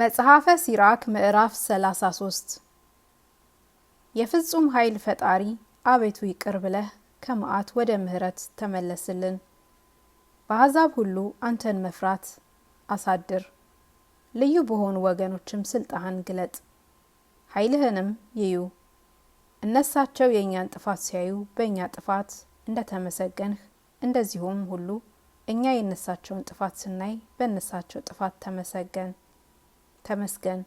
መጽሐፈ ሲራክ ምዕራፍ 33 የፍጹም ኃይል ፈጣሪ አቤቱ ይቅር ብለህ ከመዓት ወደ ምሕረት ተመለስልን። በአሕዛብ ሁሉ አንተን መፍራት አሳድር፣ ልዩ በሆኑ ወገኖችም ስልጣህን ግለጥ፣ ኃይልህንም ይዩ። እነሳቸው የእኛን ጥፋት ሲያዩ በእኛ ጥፋት እንደ ተመሰገንህ እንደዚሁም ሁሉ እኛ የእነሳቸውን ጥፋት ስናይ በእነሳቸው ጥፋት ተመሰገን። ተመስገን።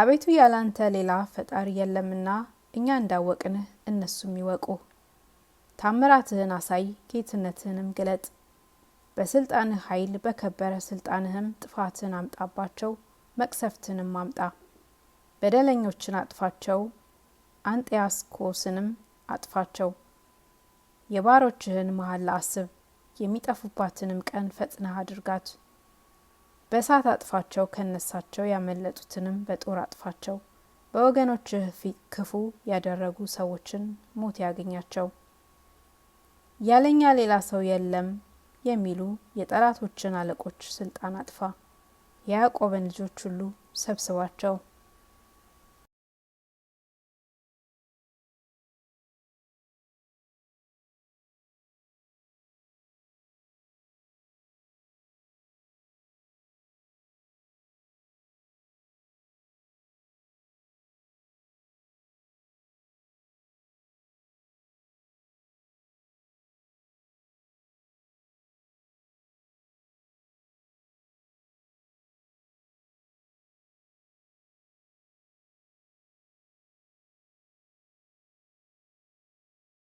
አቤቱ ያላንተ ሌላ ፈጣሪ የለምና እኛ እንዳወቅንህ እነሱም ይወቁ። ታምራትህን አሳይ፣ ጌትነትህንም ግለጥ። በስልጣንህ ኃይል በከበረ ስልጣንህም ጥፋትን አምጣባቸው፣ መቅሰፍትንም አምጣ። በደለኞችን አጥፋቸው፣ አንጢያስኮስንም አጥፋቸው። የባሮችህን መሐላ አስብ፣ የሚጠፉባትንም ቀን ፈጥነህ አድርጋት። በእሳት አጥፋቸው፣ ከነሳቸው ያመለጡትንም በጦር አጥፋቸው። በወገኖችህ ፊት ክፉ ያደረጉ ሰዎችን ሞት ያገኛቸው። ያለኛ ሌላ ሰው የለም የሚሉ የጠላቶችን አለቆች ስልጣን አጥፋ። የያዕቆብን ልጆች ሁሉ ሰብስባቸው።